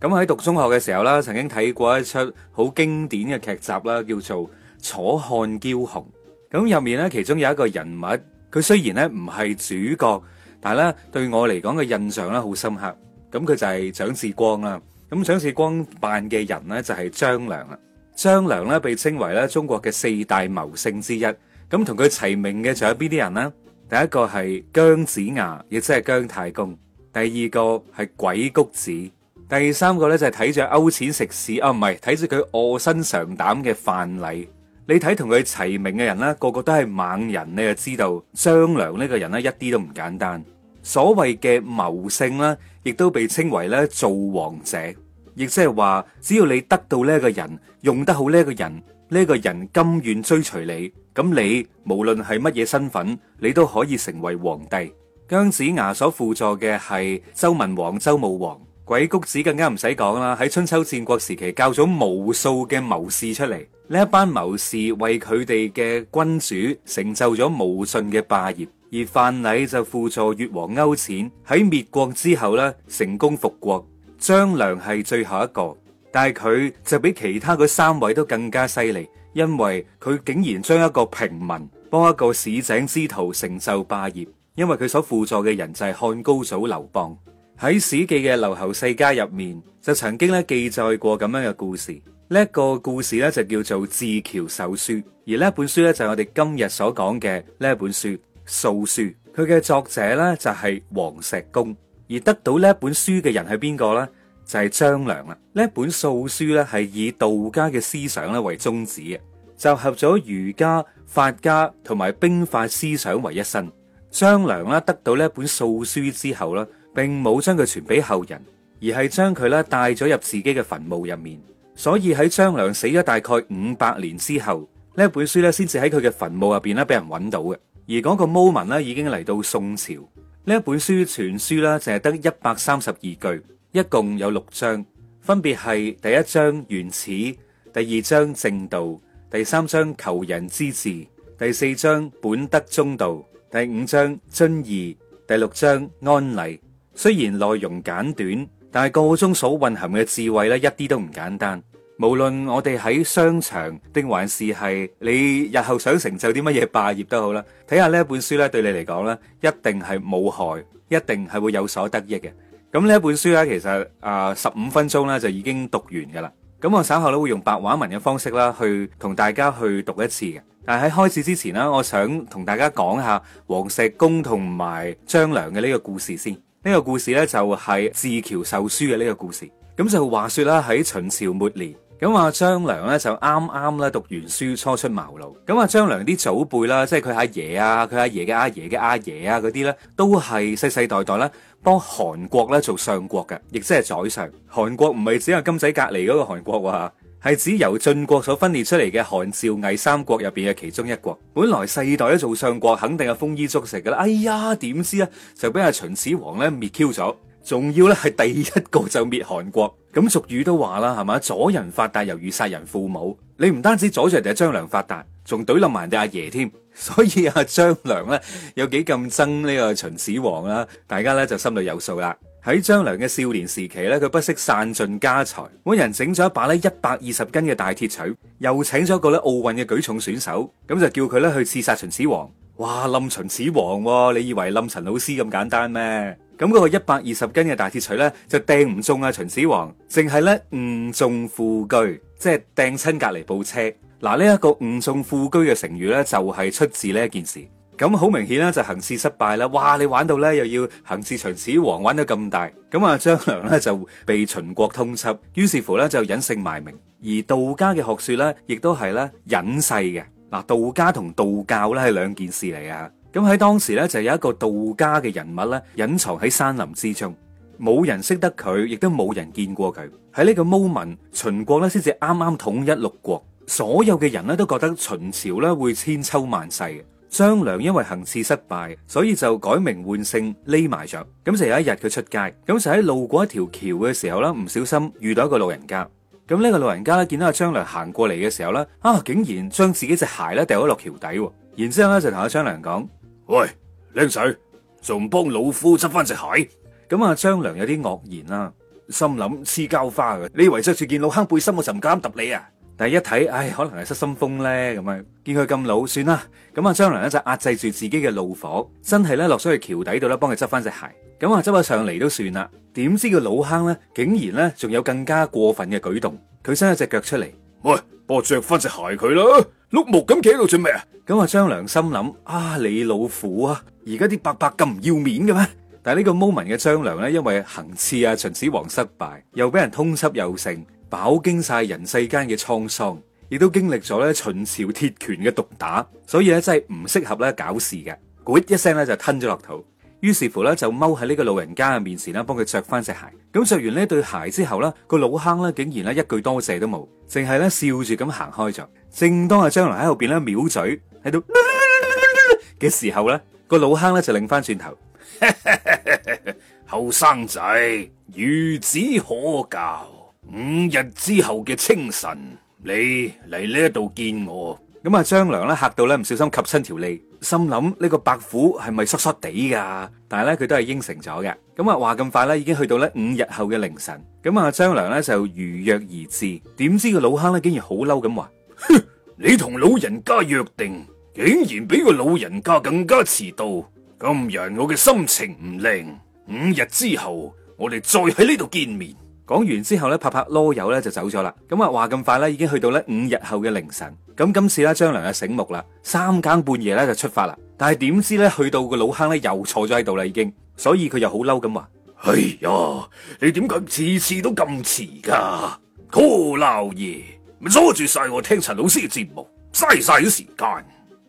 咁喺讀中學嘅時候啦，曾經睇過一出好經典嘅劇集啦，叫做《楚漢驕雄》。咁入面咧，其中有一個人物，佢雖然咧唔係主角，但係咧對我嚟講嘅印象咧好深刻。咁佢就係蔣志光啦。咁蔣志光扮嘅人呢就係張良啦。張良咧被稱為咧中國嘅四大謀聖之一。咁同佢齊名嘅仲有邊啲人呢？第一個係姜子牙，亦即係姜太公；第二個係鬼谷子。第三個咧就係睇住勾踐食屎啊，唔係睇住佢臥薪嘗膽嘅範例。你睇同佢齊名嘅人咧，個個都係猛人，你就知道張良呢個人咧一啲都唔簡單。所謂嘅謀聖啦，亦都被稱為咧造王者，亦即係話只要你得到呢一個人，用得好呢一個人，呢一個人甘願追隨你，咁你無論係乜嘢身份，你都可以成為皇帝。姜子牙所輔助嘅係周文王、周武王。鬼谷子更加唔使講啦，喺春秋戰國時期教咗無數嘅謀士出嚟，呢一班謀士為佢哋嘅君主成就咗無盡嘅霸業，而范蠡就輔助越王勾踐喺滅國之後咧成功復國。張良係最後一個，但係佢就比其他嗰三位都更加犀利，因為佢竟然將一個平民幫一個市井之徒成就霸業，因為佢所輔助嘅人就係漢高祖劉邦。喺史記嘅留侯世家入面，就曾經咧記載過咁樣嘅故事。呢、這、一個故事咧就叫做《圯橋授書》，而呢一本書咧就係我哋今日所講嘅呢一本書《素書》。佢嘅作者咧就係黃石公，而得到呢一本書嘅人係邊個咧？就係、是、張良啦。呢一本《素書》咧係以道家嘅思想咧為宗旨嘅，集合咗儒家、法家同埋兵法思想為一身。張良啦得到呢一本《素書》之後啦。並冇將佢傳俾後人，而係將佢咧帶咗入自己嘅墳墓入面。所以喺張良死咗大概五百年之後，呢一本書咧先至喺佢嘅墳墓入邊咧俾人揾到嘅。而嗰個 moment 咧已經嚟到宋朝，呢一本書全書啦淨係得一百三十二句，一共有六章，分別係第一章原始，第二章正道，第三章求人之志，第四章本德中道，第五章遵義，第六章安禮。雖然內容簡短，但係個中所蘊含嘅智慧咧，一啲都唔簡單。無論我哋喺商場，定還是係你日後想成就啲乜嘢霸業都好啦，睇下呢一本書咧，對你嚟講咧，一定係冇害，一定係會有所得益嘅。咁呢一本書咧，其實啊，呃，十五分鐘咧就已經讀完噶啦。咁我稍後咧會用白話文嘅方式啦，去同大家去讀一次嘅。但係喺開始之前呢，我想同大家講下黃石公同埋張良嘅呢個故事先。呢個故事呢，就係自橋授書嘅呢個故事。咁就話說啦，喺秦朝末年，咁啊張良呢，就啱啱呢讀完書，初出茅廬。咁啊張良啲祖輩啦，即係佢阿爺啊，佢阿爺嘅阿爺嘅阿爺啊，嗰啲呢，都係世世代代呢，幫韓國呢做相國嘅，亦即係宰相。韓國唔係只係金仔隔籬嗰個韓國喎。係指由晉國所分裂出嚟嘅韓、趙、魏三國入邊嘅其中一國。本來世代都做相國，肯定係豐衣足食嘅啦。哎呀，點知啊，就俾阿秦始皇咧滅 Q 咗。仲要咧係第一個就滅韓國。咁俗語都話啦，係嘛？阻人發達猶如殺人父母。你唔單止阻住人哋張良發達，仲懟冧埋人哋阿爺添。所以阿、啊、張良咧有幾咁憎呢個秦始皇啦。大家咧就心裏有數啦。喺張良嘅少年時期咧，佢不惜散盡家財，揾人整咗一把咧一百二十斤嘅大鐵錘，又請咗一個咧奧運嘅舉重選手，咁就叫佢咧去刺殺秦始皇。哇，冧秦始皇，你以為冧陳老 C 咁簡單咩？咁、那、嗰個一百二十斤嘅大鐵錘咧，就掟唔中啊秦始皇，淨係咧誤中副車，即係掟親隔籬部車。嗱，呢一個誤中副車嘅成語咧，就係出自呢一件事。咁好明顯啦，就行刺失敗啦！哇，你玩到咧又要行刺秦始皇，玩到咁大，咁啊張良咧就被秦國通緝，於是乎咧就隱姓埋名。而道家嘅學說咧，亦都係咧隱世嘅。嗱，道家同道教咧係兩件事嚟啊。咁喺當時咧就有一個道家嘅人物咧隱藏喺山林之中，冇人識得佢，亦都冇人見過佢。喺呢個 moment 秦國咧先至啱啱統一六國，所有嘅人咧都覺得秦朝咧會千秋萬世。張良因為行刺失敗，所以就改名換姓匿埋着。咁就有一日佢出街，咁就喺路過一條橋嘅時候咧，唔小心遇到一個老人家。咁呢個老人家咧見到阿張良行過嚟嘅時候咧，啊竟然將自己隻鞋咧掉咗落橋底。然之後咧就同阿張良講：喂，靚仔，仲唔幫老夫執翻隻鞋？咁阿張良有啲愕然啦，心諗黐膠花嘅，你以為着住件老黑背心我就唔敢揼你啊？但係一睇，唉，可能係失心瘋咧，咁啊，見佢咁老，算啦。咁啊，張良咧就壓制住自己嘅怒火，真係咧落咗去橋底度咧，幫佢執翻隻鞋。咁啊，執翻上嚟都算啦。點知個老坑咧，竟然咧仲有更加過分嘅舉動。佢伸一隻腳出嚟，喂，幫我着翻隻鞋佢啦，碌木咁企喺度做咩啊？咁啊，張良心諗啊，你老虎啊！而家啲伯伯咁唔要面嘅咩？但係呢個 moment 嘅張良咧，因為行刺啊秦始皇失敗，又俾人通緝又剩。飽經晒人世間嘅滄桑，亦都經歷咗咧秦朝鐵拳嘅毒打，所以咧真係唔適合咧搞事嘅，咕一聲咧就吞咗落肚。於是乎咧就踎喺呢個老人家嘅面前咧幫佢着翻隻鞋。咁着完呢對鞋之後咧，個老坑咧竟然咧一句多謝都冇，淨係咧笑住咁行開咗。正當阿張良喺後邊咧藐嘴喺度嘅時候咧，個老坑咧就擰翻轉頭，後生仔，孺子可教。五日之後嘅清晨，你嚟呢一度見我。咁啊，張良咧嚇到咧，唔小心及親條脷，心諗呢個白虎係咪濕濕哋噶？但係咧佢都係應承咗嘅。咁啊話咁快咧，已經去到咧五日後嘅凌晨。咁啊，張良咧就如約而至，點知個老坑咧竟然好嬲咁話：哼，你同老人家約定，竟然比個老人家更加遲到。咁樣我嘅心情唔靚，五日之後我哋再喺呢度見面。講完之後咧，拍拍囉柚咧就走咗啦。咁啊話咁快咧，已經去到咧五日後嘅凌晨。咁今次咧張良就醒目啦，三更半夜咧就出發啦。但係點知咧去到個老坑咧又坐咗喺度啦已經，所以佢又好嬲咁話：哎呀，你點解次次都咁遲噶？好鬧爺，咪阻住晒我聽陳老師嘅節目，嘥晒啲時間、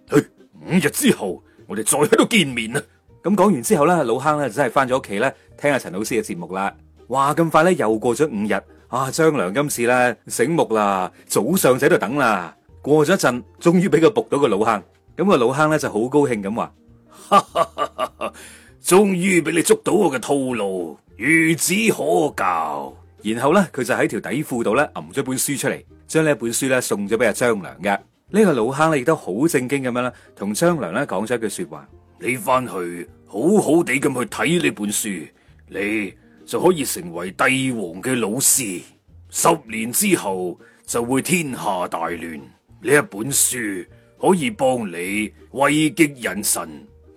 哎。五日之後，我哋再喺度見面啊！咁講完之後咧，老坑咧就真係翻咗屋企咧，聽下陳老師嘅節目啦。話咁快咧，又過咗五日啊！張良今次咧醒目啦，早上就喺度等啦。過咗一陣，終於俾佢撲到個老坑。咁個老坑咧就好高興咁話：，哈哈哈哈哈，終於俾你捉到我嘅套路，孺子可教。然後咧，佢就喺條底褲度咧揞咗本書出嚟，將呢一本書咧送咗俾阿張良嘅。呢個老坑咧亦都好正經咁樣啦，同張良咧講咗一句說話：，你返去好好地咁去睇呢本書，你，就可以成為帝王嘅老師，十年之後就會天下大亂。呢一本書可以幫你位極人臣，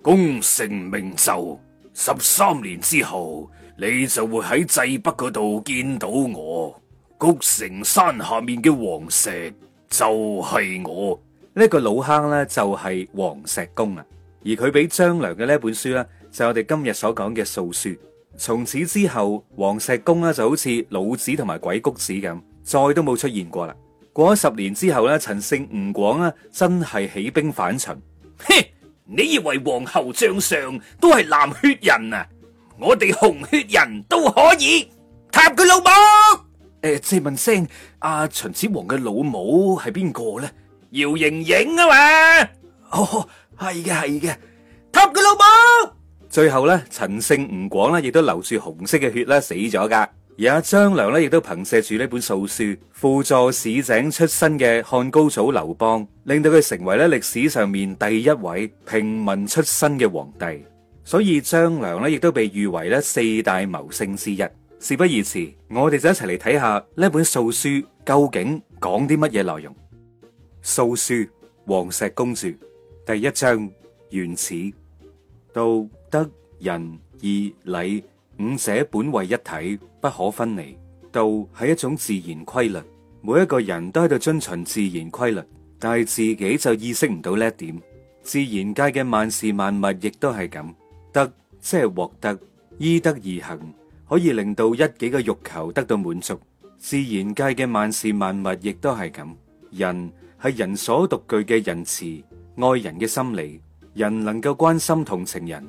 功成名就。十三年之後，你就會喺濟北嗰度見到我。谷城山下面嘅黃石就係我，呢一個老坑呢，就係黃石公啊。而佢俾張良嘅呢本書呢，就係我哋今日所講嘅素書。從此之後，黃石公咧就好似老子同埋鬼谷子咁，再都冇出現過啦。過咗十年之後咧，陳勝吳廣啊真係起兵反秦。嘿，你以為王侯將相都係藍血人啊？我哋紅血人都可以塌佢老母。誒，借問聲，阿秦始皇嘅老母係邊個咧？姚瑩瑩啊嘛。哦，係嘅係嘅，塌佢老母。最後咧，陳勝吳廣呢亦都流住紅色嘅血啦，死咗噶。而阿張良呢亦都憑借住呢本素書，輔助市井出身嘅漢高祖劉邦，令到佢成為咧歷史上面第一位平民出身嘅皇帝。所以張良呢亦都被譽為咧四大謀聖之一。事不宜遲，我哋就一齊嚟睇下呢本素書究竟講啲乜嘢內容。素書黃石公著，第一章原始到。德仁義禮五者本為一體，不可分離。道係一種自然規律，每一個人都喺度遵循自然規律，但係自己就意識唔到呢一點。自然界嘅萬事萬物亦都係咁。德即係獲得，依德而行，可以令到一己嘅欲求得到滿足。自然界嘅萬事萬物亦都係咁。仁係人所獨具嘅仁慈，愛人嘅心理，人能夠關心同情人。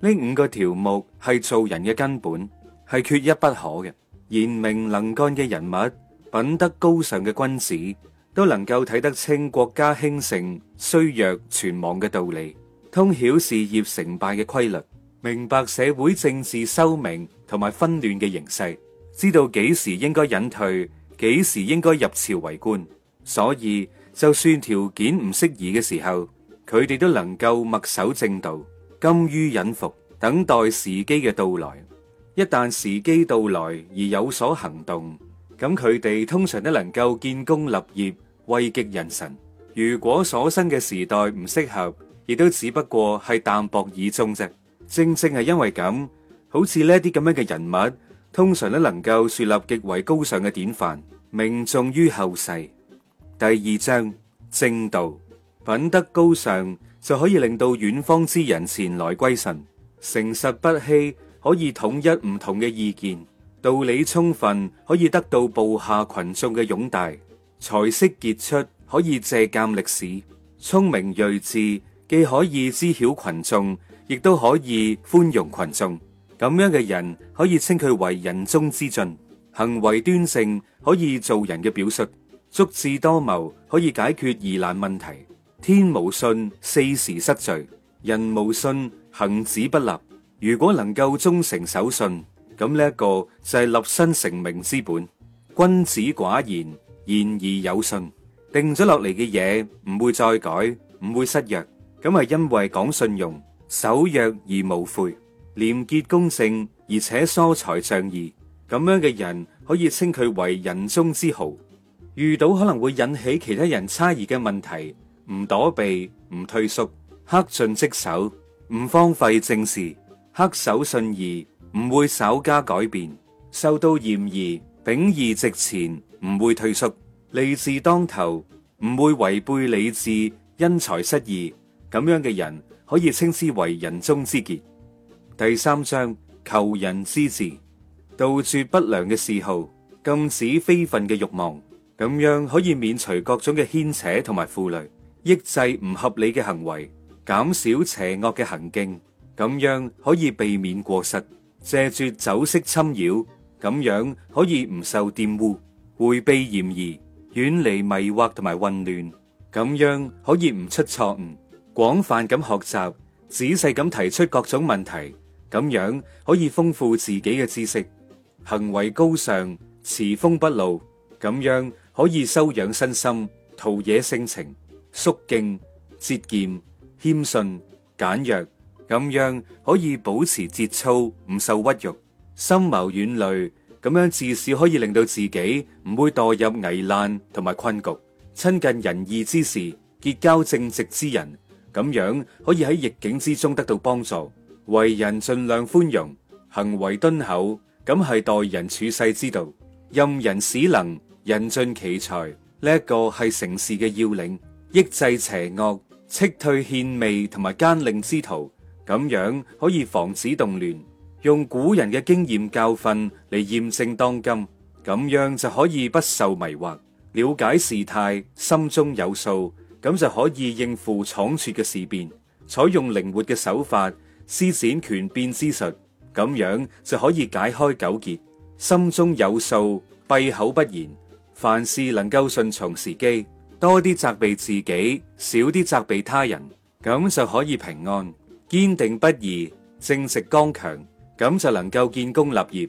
呢五個條目係做人嘅根本，係缺一不可嘅。賢明能幹嘅人物，品德高尚嘅君子，都能夠睇得清國家興盛、衰弱、存亡嘅道理，通曉事業成敗嘅規律，明白社會政治修明同埋紛亂嘅形勢，知道幾時應該隱退，幾時應該入朝為官。所以，就算條件唔適宜嘅時候，佢哋都能夠默守正道。甘於隱伏，等待時機嘅到來。一旦時機到來而有所行動，咁佢哋通常都能夠建功立業，威極人神。如果所生嘅時代唔適合，亦都只不過係淡薄以終啫。正正係因為咁，好似呢一啲咁樣嘅人物，通常都能夠樹立極為高尚嘅典範，名重於後世。第二章，正道，品德高尚。就可以令到遠方之人前來歸順，誠實不欺可以統一唔同嘅意見，道理充分可以得到部下群眾嘅擁戴，才識傑出可以借鑒歷史，聰明睿智既可以知曉群眾，亦都可以寬容群眾。咁樣嘅人可以稱佢為人中之俊，行為端正可以做人嘅表率，足智多謀可以解決疑難問題。天無信，四時失序；人無信，行止不立。如果能夠忠誠守信，咁呢一個就係立身成名之本。君子寡言，言而有信。定咗落嚟嘅嘢唔會再改，唔會失約。咁係因為講信用、守約而無悔，廉潔公正，而且疏財仗義。咁樣嘅人可以稱佢為人中之豪。遇到可能會引起其他人猜疑嘅問題。唔躲避，唔退縮，恪盡職守，唔荒廢正事，恪守信義，唔會稍加改變。受到嫌疑，秉義直前，唔會退縮。利字當頭，唔會違背理智，因財失義，咁樣嘅人可以稱之為人中之傑。第三章求人之志，杜絕不良嘅嗜好，禁止非分嘅欲望，咁樣可以免除各種嘅牽扯同埋負累。抑制唔合理嘅行為，減少邪惡嘅行徑，咁樣可以避免過失；借住酒色侵擾，咁樣可以唔受玷污、回避嫌疑、遠離迷惑同埋混亂，咁樣可以唔出錯誤。廣泛咁學習，仔細咁提出各種問題，咁樣可以豐富自己嘅知識。行為高尚，持風不露，咁樣可以修養身心，陶冶性情。肅敬節儉謙遜簡約，咁樣可以保持節操，唔受屈辱；深謀遠慮，咁樣至少可以令到自己唔會墮入危難同埋困局。親近仁義之士，結交正直之人，咁樣可以喺逆境之中得到幫助。為人盡量寬容，行為敦厚，咁係待人處世之道。任人使能，人盡其才，呢一個係成事嘅要領。抑制邪惡、斥退獻媚同埋奸佞之徒，咁樣可以防止動亂。用古人嘅經驗教訓嚟驗證當今，咁樣就可以不受迷惑，了解事態，心中有數，咁就可以應付倉促嘅事變。採用靈活嘅手法，施展權變之術，咁樣就可以解開糾結，心中有數，閉口不言，凡事能夠順從時機。多啲責備自己，少啲責備他人，咁就可以平安；堅定不移、正直剛強，咁就能夠建功立業。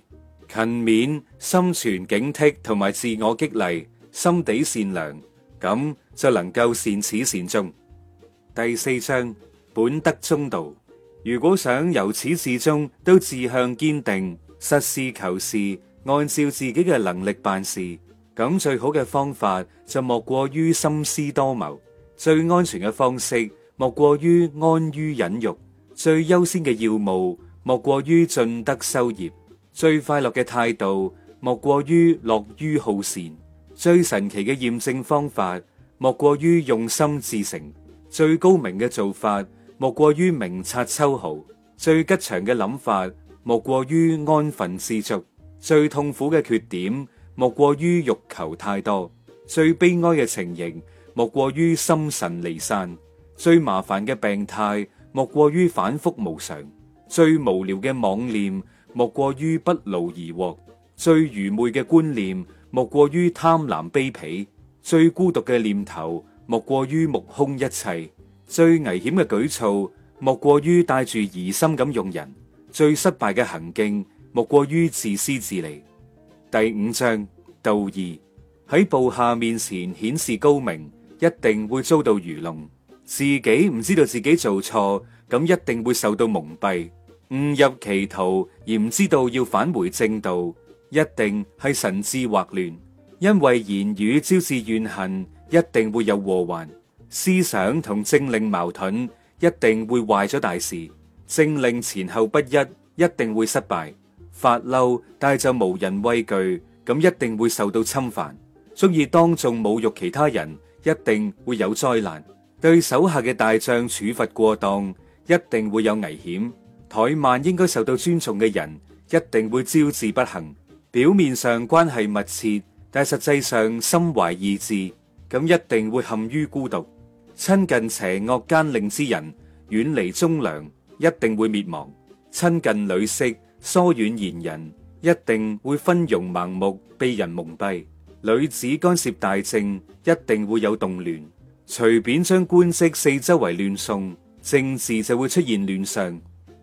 勤勉、心存警惕同埋自我激勵，心底善良，咁就能夠善始善終。第四章本德中道，如果想由始至終都志向堅定、實事求是，按照自己嘅能力辦事。咁最好嘅方法就莫過於心思多謀，最安全嘅方式莫過於安於忍辱，最優先嘅要務莫過於進德修業，最快樂嘅態度莫過於樂於好善，最神奇嘅驗證方法莫過於用心至誠，最高明嘅做法莫過於明察秋毫，最吉祥嘅諗法莫過於安分知足，最痛苦嘅缺點，莫過於欲求太多，最悲哀嘅情形莫過於心神離散，最麻煩嘅病態莫過於反覆無常，最無聊嘅妄念莫過於不勞而獲，最愚昧嘅觀念莫過於貪婪卑鄙，最孤獨嘅念頭莫過於目空一切，最危險嘅舉措莫過於帶住疑心咁用人，最失敗嘅行徑莫過於自私自利。第五章道義。喺部下面前顯示高明，一定會遭到愚弄。自己唔知道自己做錯，咁一定會受到蒙蔽，誤入歧途而唔知道要返回正道，一定係神志惑亂。因為言語招致怨恨，一定會有禍患。思想同政令矛盾，一定會壞咗大事。政令前後不一，一定會失敗。發嬲，但係就無人畏懼，咁一定會受到侵犯；中意當眾侮辱其他人，一定會有災難；對手下嘅大將處罰過當，一定會有危險；怠慢應該受到尊重嘅人，一定會招致不幸。表面上關係密切，但係實際上心懷異志，咁一定會陷於孤獨。親近邪惡奸佞之人，遠離忠良，一定會滅亡。親近女色。疏遠賢人，一定會昏庸盲目，被人蒙蔽；女子干涉大政，一定會有動亂。隨便將官職四周圍亂送，政治就會出現亂象。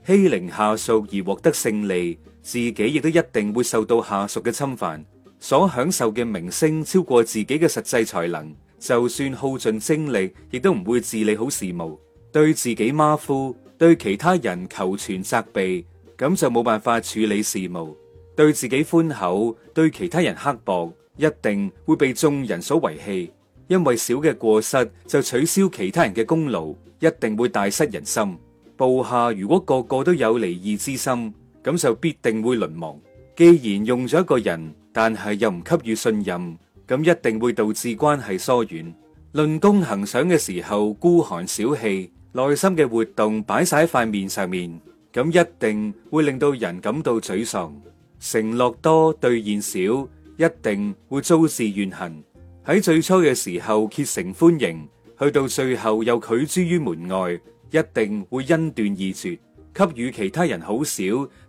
欺凌下屬而獲得勝利，自己亦都一定會受到下屬嘅侵犯。所享受嘅名聲超過自己嘅實際才能，就算耗盡精力，亦都唔會治理好事務。對自己馬虎，對其他人求全責備。咁就冇辦法處理事務，對自己寬厚，對其他人刻薄，一定會被眾人所遺棄。因為小嘅過失就取消其他人嘅功勞，一定會大失人心。部下如果個個都有離異之心，咁就必定會淪亡。既然用咗一個人，但係又唔給予信任，咁一定會導致關係疏遠。論功行賞嘅時候孤寒小氣，內心嘅活動擺晒喺塊面上面。咁一定會令到人感到沮喪。承諾多兌現少，一定會遭致怨恨。喺最初嘅時候竭誠歡迎，去到最後又拒諸於門外，一定會恩斷義絕。給予其他人好少，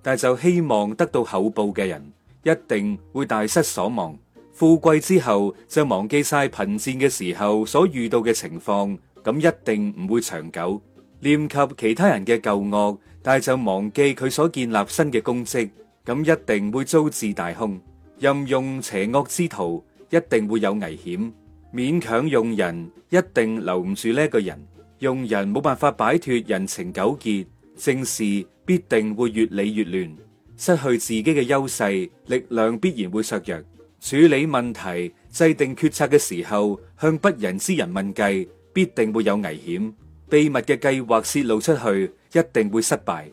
但就希望得到厚報嘅人，一定會大失所望。富貴之後就忘記晒貧賤嘅時候所遇到嘅情況，咁一定唔會長久。念及其他人嘅舊惡。但係就忘記佢所建立新嘅功績，咁一定會遭致大凶；任用邪惡之徒，一定會有危險；勉強用人，一定留唔住呢一個人；用人冇辦法擺脫人情糾結，政事必定會越理越亂，失去自己嘅優勢，力量必然會削弱；處理問題、制定決策嘅時候，向不仁之人問計，必定會有危險。秘密嘅計劃洩露出去，一定會失敗；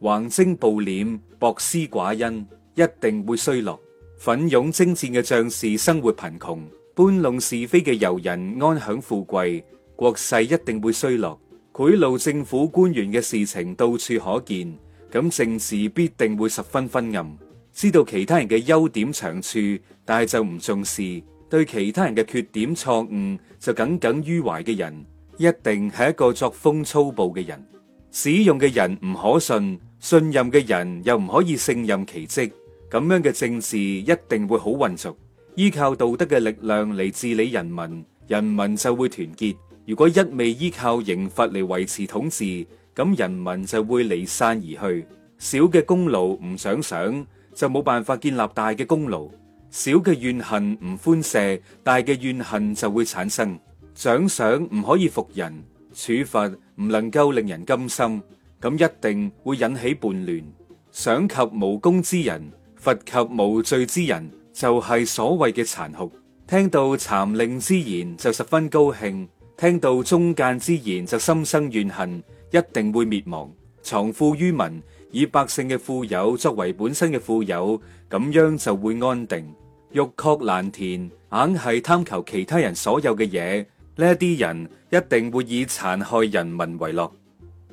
橫徵暴斂、薄施寡恩，一定會衰落。奮勇征戰嘅將士生活貧窮，搬弄是非嘅遊人安享富貴，國勢一定會衰落。賄賂政府官員嘅事情到處可見，咁政治必定會十分昏暗。知道其他人嘅優點長處，但係就唔重視；對其他人嘅缺點錯誤就耿耿於懷嘅人。一定係一個作風粗暴嘅人，使用嘅人唔可信，信任嘅人又唔可以勝任其職，咁樣嘅政治一定會好混濁。依靠道德嘅力量嚟治理人民，人民就會團結；如果一味依靠刑罰嚟維持統治，咁人民就會離散而去。小嘅功勞唔想想，就冇辦法建立大嘅功勞；小嘅怨恨唔寬赦，大嘅怨恨就會產生。獎賞唔可以服人，處罰唔能夠令人甘心，咁一定會引起叛亂。賞及無功之人，罰及無罪之人，就係、是、所謂嘅殘酷。聽到殘令之言就十分高興，聽到中間之言就心生怨恨，一定會滅亡。藏富於民，以百姓嘅富有作為本身嘅富有，咁樣就會安定。欲壑難填，硬係貪求其他人所有嘅嘢。呢一啲人一定會以殘害人民為樂。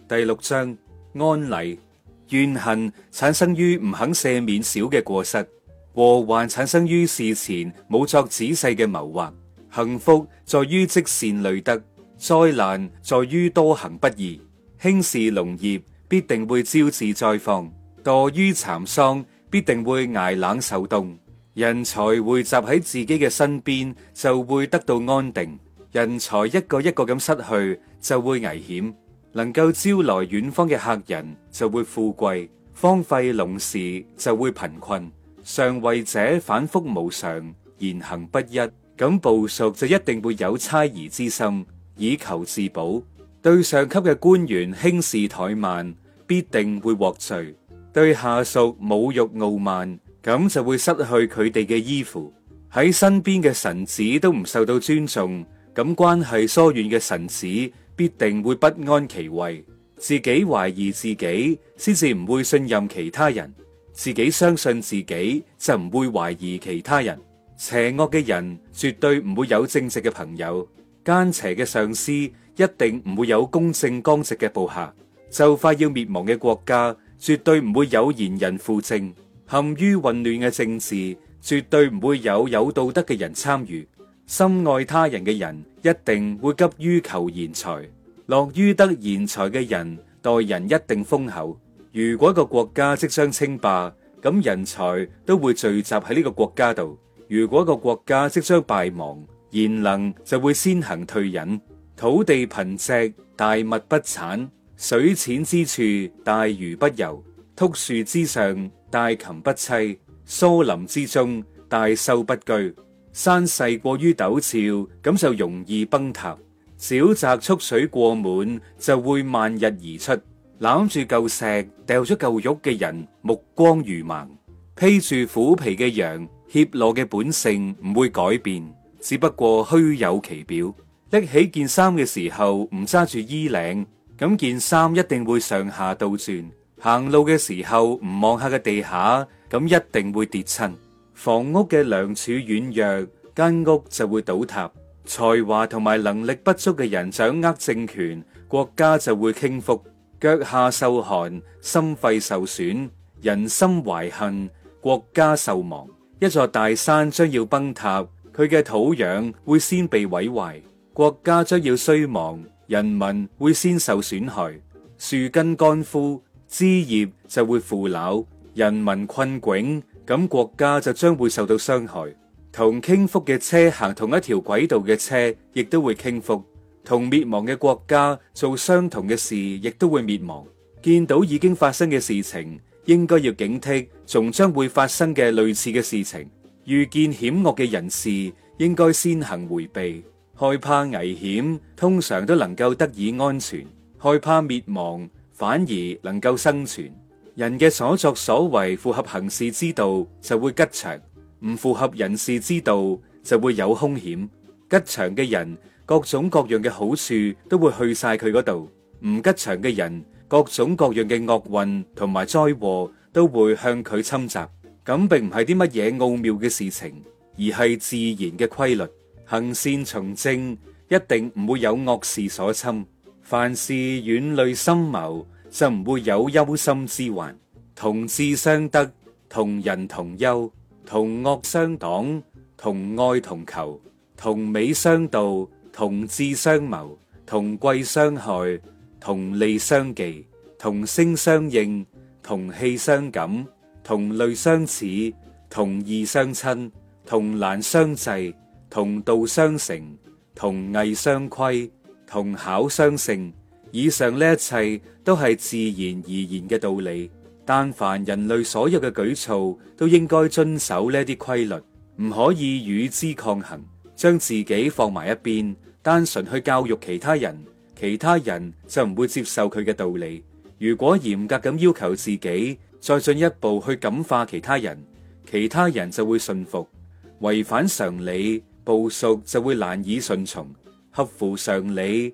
第六章安禮，怨恨產生於唔肯赦免小嘅過失，禍患產生於事前冇作仔細嘅謀劃。幸福在於積善累德，災難在於多行不義。輕視農業必定會招致災放，惰於蠶桑必定會挨冷受凍。人才匯集喺自己嘅身邊，就會得到安定。人才一個一個咁失去就會危險，能夠招來遠方嘅客人就會富貴，荒廢農事就會貧困。上位者反覆無常，言行不一，咁部屬就一定會有猜疑之心，以求自保。對上級嘅官員輕視怠慢，必定會獲罪；對下屬侮辱傲慢，咁就會失去佢哋嘅依附。喺身邊嘅臣子都唔受到尊重。咁關係疏遠嘅臣子必定會不安其位，自己懷疑自己，先至唔會信任其他人。自己相信自己就唔會懷疑其他人。邪惡嘅人絕對唔會有正直嘅朋友，奸邪嘅上司一定唔會有公正剛直嘅部下。就快要滅亡嘅國家絕對唔會有賢人輔政，陷於混亂嘅政治絕對唔會有有道德嘅人參與。深愛他人嘅人，一定會急於求賢才；樂於得賢才嘅人，待人一定豐厚。如果一個國家即將稱霸，咁人才都會聚集喺呢個國家度；如果一個國家即將敗亡，賢能就會先行退隱。土地貧瘠，大物不產；水淺之處，大魚不游；禿樹之上，大禽不棲；疏林之中，大獸不居。山勢過於陡峭，咁就容易崩塌；沼澤蓄水過滿，就會漫溢而出。攬住舊石，掉咗舊玉嘅人，目光如盲；披住虎皮嘅羊，怯懦嘅本性唔會改變，只不過虛有其表。拎起件衫嘅時候唔揸住衣領，咁件衫一定會上下倒轉。行路嘅時候唔望下個地下，咁一定會跌親。房屋嘅梁柱軟弱，間屋就會倒塌；才華同埋能力不足嘅人掌握政權，國家就會傾覆。腳下受寒，心肺受損，人心懷恨，國家受亡。一座大山將要崩塌，佢嘅土壤會先被毀壞，國家將要衰亡，人民會先受損害。樹根乾枯，枝葉就會腐朽，人民困境，咁國家就將會受到傷害，同傾覆嘅車行同一條軌道嘅車，亦都會傾覆；同滅亡嘅國家做相同嘅事，亦都會滅亡。見到已經發生嘅事情，應該要警惕，仲將會發生嘅類似嘅事情。遇見險惡嘅人士，應該先行回避。害怕危險，通常都能夠得以安全；害怕滅亡，反而能夠生存。人嘅所作所為符合行事之道，就會吉祥；唔符合人事之道，就會有凶險。吉祥嘅人，各種各樣嘅好處都會去晒佢嗰度；唔吉祥嘅人，各種各樣嘅惡運同埋災禍都會向佢侵襲。咁並唔係啲乜嘢奧妙嘅事情，而係自然嘅規律。行善從政，一定唔會有惡事所侵。凡事遠慮深謀。就唔會有憂心之患，同志相得，同仁同憂，同惡相黨，同愛同求，同美相妒，同志相謀，同貴相害，同利相忌，同聲相應，同氣相感，同類相似，同義相親，同難相濟，同道相成，同藝相規，同巧相勝。以上呢一切都係自然而然嘅道理，但凡人類所有嘅舉措都應該遵守呢啲規律，唔可以與之抗衡，將自己放埋一邊，單純去教育其他人，其他人就唔會接受佢嘅道理。如果嚴格咁要求自己，再進一步去感化其他人，其他人就會信服。違反常理，部屬就會難以順從；合乎常理，